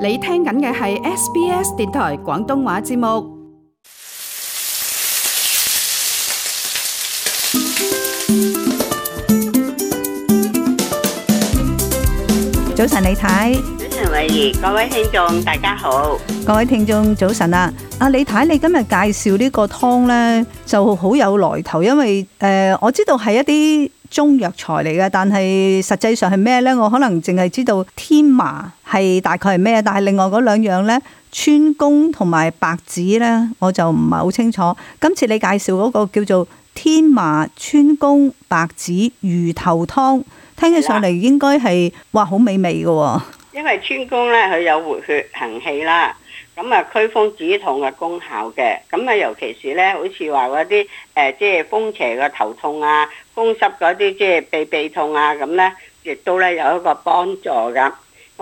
你聽緊嘅係 SBS 電台廣東話節目。早晨，李太。早晨，慧怡。各位聽眾，大家好。各位聽眾，早晨啊！阿李太，你今日介紹呢個湯咧，就好有來頭。因為誒，我知道係一啲中藥材嚟嘅，但係實際上係咩咧？我可能淨係知道天麻。係大概係咩？但係另外嗰兩樣呢，川芎同埋白芷呢，我就唔係好清楚。今次你介紹嗰個叫做天麻川芎白芷魚頭湯，聽起上嚟，應該係的哇好美味嘅。因為川芎呢，佢有活血行氣啦，咁啊驅風止痛嘅功效嘅。咁啊，尤其是呢，好似話嗰啲誒，即係風邪嘅頭痛啊，風濕嗰啲即係鼻鼻痛啊，咁呢，亦都呢有一個幫助噶。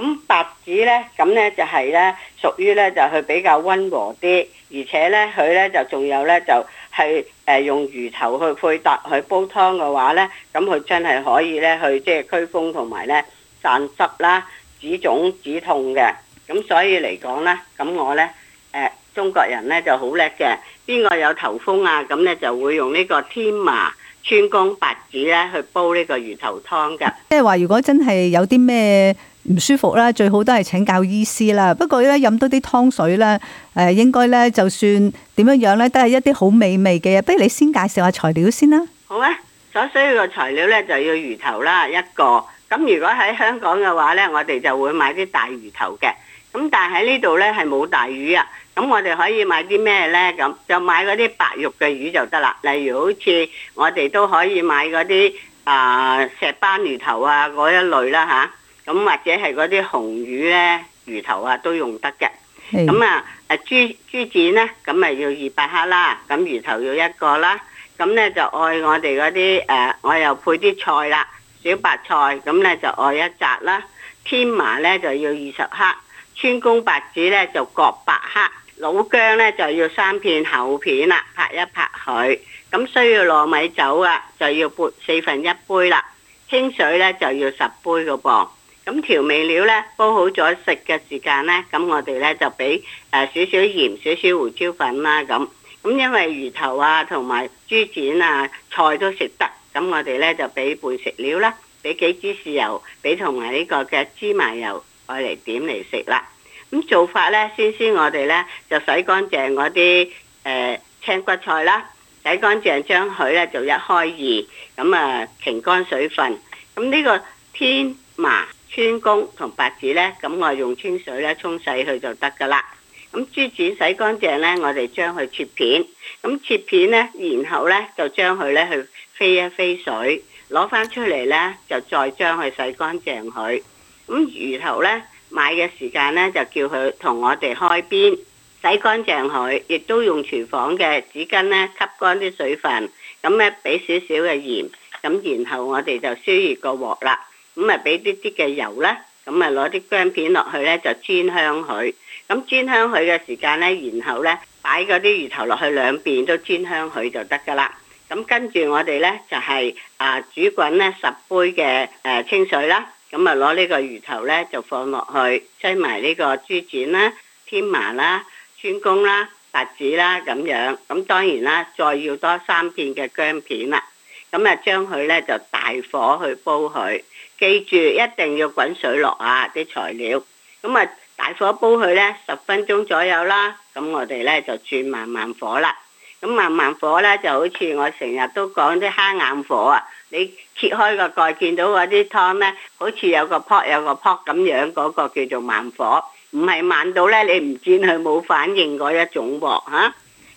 咁白芷咧，咁咧就係咧，屬於咧就佢比較溫和啲，而且咧佢咧就仲有咧就係、是、誒用魚頭去配搭去煲湯嘅話咧，咁佢真係可以咧去即係驅風同埋咧散濕啦、止腫止痛嘅。咁所以嚟講咧，咁我咧誒、呃、中國人咧就好叻嘅，邊個有頭風啊？咁咧就會用呢個天麻。川芎白芷咧去煲呢個魚頭湯噶即係話如果真係有啲咩唔舒服啦，最好都係請教醫師啦。不過咧飲多啲湯水啦，誒、呃、應該咧就算點樣樣咧，都係一啲好美味嘅嘢。不如你先介紹下材料先啦。好啊，所需要嘅材料咧就要魚頭啦，一個。咁如果喺香港嘅話呢，我哋就會買啲大魚頭嘅。咁但係喺呢度呢，係冇大魚啊。咁我哋可以買啲咩呢？咁就買嗰啲白肉嘅魚就得啦。例如好似我哋都可以買嗰啲啊石斑魚頭啊嗰一類啦吓。咁、啊、或者係嗰啲紅魚呢魚頭啊都用得嘅。咁的啊誒豬豬腱咧，咁咪要二百克啦。咁魚頭要一個啦。咁呢，就愛我哋嗰啲誒，我又配啲菜啦。小白菜咁呢，就愛一紮啦，天麻呢，就要二十克，川芎白芷呢，就各八克，老薑呢，就要三片厚片啦，拍一拍佢。咁需要糯米酒啊，就要半四分一杯啦，清水呢，就要十杯個噃。咁調味料呢，煲好咗食嘅時間呢，咁我哋呢，就俾誒少少鹽、少少胡椒粉啦咁。咁因為魚頭啊同埋豬展啊菜都食得。咁我哋咧就俾半食料啦，俾幾支豉油，俾同埋呢個嘅芝麻油愛嚟點嚟食啦。咁做法咧，先先我哋咧就洗乾淨嗰啲誒青骨菜啦，洗乾淨將佢咧就一開二，咁啊停乾水分。咁呢個天麻川芎同白芷咧，咁我用清水咧沖洗佢就得噶啦。咁豬展洗乾淨咧，我哋將佢切片，咁切片咧，然後咧就將佢咧去。飛一飛水，攞翻出嚟呢，就再將佢洗乾淨佢。咁魚頭呢，買嘅時間呢，就叫佢同我哋開邊洗乾淨佢，亦都用廚房嘅紙巾呢，吸乾啲水分。咁呢俾少少嘅鹽，咁然後我哋就燒熱個鑊啦。咁啊俾啲啲嘅油呢，咁啊攞啲薑片落去呢，就煎香佢。咁煎香佢嘅時間呢，然後呢，擺嗰啲魚頭落去兩邊都煎香佢就得㗎啦。咁跟住我哋呢，就係啊煮滾呢十杯嘅誒清水啦，咁啊攞呢個魚頭呢，就放落去，擠埋呢個豬展啦、天麻啦、川芎啦、白芷啦咁樣，咁當然啦，再要多三片嘅薑片啦。咁啊將佢呢，就大火去煲佢，記住一定要滾水落啊啲材料。咁啊大火煲佢呢十分鐘左右啦，咁我哋呢，就轉慢慢火啦。咁慢慢火咧，就好似我成日都講啲蝦眼火啊！你切開個蓋，見到嗰啲湯呢，好似有個 p 有個 p o 咁樣，嗰、那個叫做慢火。唔係慢到呢，你唔煎佢冇反應嗰一種喎。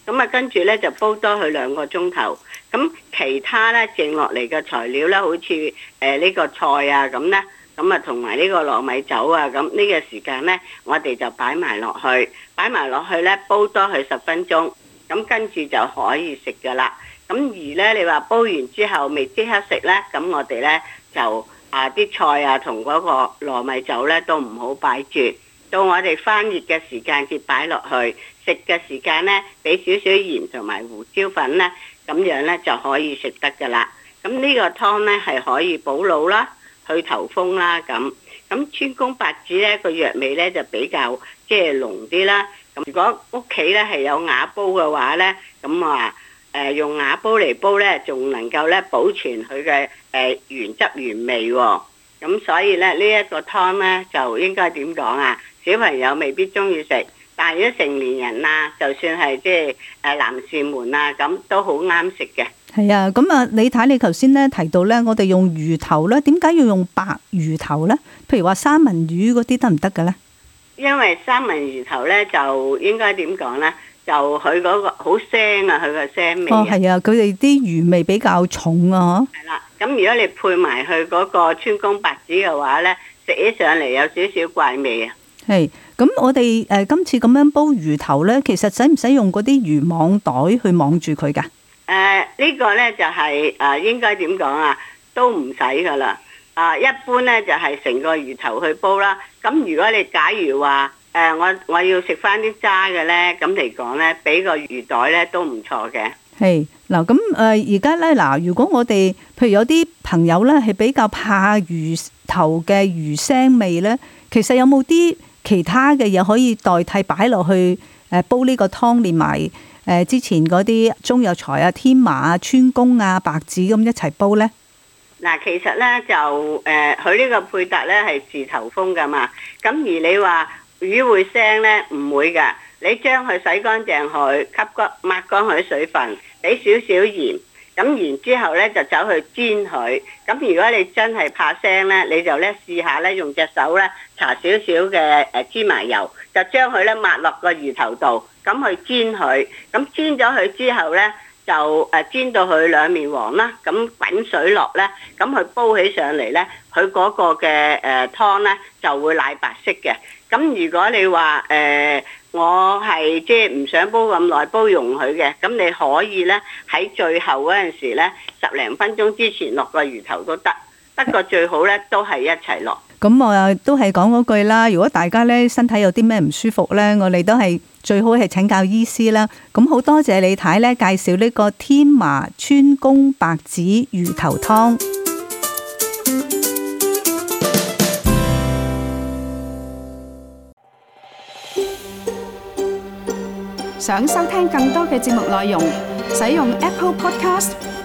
咁啊，跟、啊、住呢，就煲多佢兩個鐘頭。咁其他呢，剩落嚟嘅材料呢，好似誒呢個菜啊咁呢，咁啊同埋呢個糯米酒啊咁，呢個時間呢，我哋就擺埋落去，擺埋落去呢，煲多佢十分鐘。咁跟住就可以食嘅啦。咁而呢，你話煲完之後未即刻食呢，咁我哋呢，就啊啲菜啊同嗰個糯米酒呢都唔好擺住，到我哋翻熱嘅時間至擺落去，食嘅時間呢，俾少少鹽同埋胡椒粉呢，咁樣呢就可以食得嘅啦。咁呢個湯呢，係可以補腦啦、去頭風啦咁。咁川芎白芷呢，呢個藥味呢，就比較即係濃啲啦。就是咁如果屋企咧係有瓦煲嘅話咧，咁我話誒用瓦煲嚟煲咧，仲能夠咧保存佢嘅誒原汁原味喎。咁所以咧呢一個湯咧，就應該點講啊？小朋友未必中意食，但係啲成年人啊，就算係即係誒男士們啊，咁都好啱食嘅。係啊，咁啊，你睇你頭先咧提到咧，我哋用魚頭咧，點解要用白魚頭咧？譬如話三文魚嗰啲得唔得㗎咧？因為三文魚頭咧，就應該點講咧？就佢嗰個好腥啊，佢個腥味、啊、哦，係啊，佢哋啲魚味比較重啊，嗬。係啦，咁如果你配埋佢嗰個川芎白芷嘅話咧，食起上嚟有少少怪味啊。係，咁我哋誒、呃、今次咁樣煲魚頭咧，其實使唔使用嗰啲魚網袋去網住佢噶？誒、呃，這個、呢個咧就係、是、誒、呃，應該點講啊？都唔使噶啦。啊、呃，一般咧就係、是、成個魚頭去煲啦。咁如果你假如話，誒我我要食翻啲渣嘅咧，咁嚟講咧，俾個魚袋咧都唔錯嘅。係，嗱咁誒而家咧，嗱如果我哋譬如有啲朋友咧係比較怕魚頭嘅魚腥味咧，其實有冇啲其他嘅嘢可以代替擺落去誒煲呢個湯，連埋誒之前嗰啲中藥材啊、天麻啊、川芎啊、白芷咁一齊煲咧？嗱，其實咧就誒，佢呢個配搭咧係治頭風噶嘛。咁而你話魚會腥咧，唔會㗎。你將佢洗乾淨，佢吸乾抹乾佢水分，俾少少鹽。咁然之後咧，就走去煎佢。咁如果你真係怕腥咧，你就咧試下咧，用隻手咧搽少少嘅誒芝麻油，就將佢咧抹落個魚頭度，咁去煎佢。咁煎咗佢之後咧。就誒煎到佢兩面黃啦，咁滾水落咧，咁佢煲起上嚟咧，佢嗰個嘅誒湯咧就會奶白色嘅。咁如果你話誒、呃、我係即係唔想煲咁耐煲溶佢嘅，咁你可以咧喺最後嗰陣時咧十零分鐘之前落個魚頭都得，不過最好咧都係一齊落。咁我又都係講嗰句啦，如果大家咧身體有啲咩唔舒服咧，我哋都係最好係請教醫師啦。咁好多謝李太咧介紹呢個天麻川芎白芷魚頭湯。想收聽更多嘅節目內容，使用 Apple Podcast。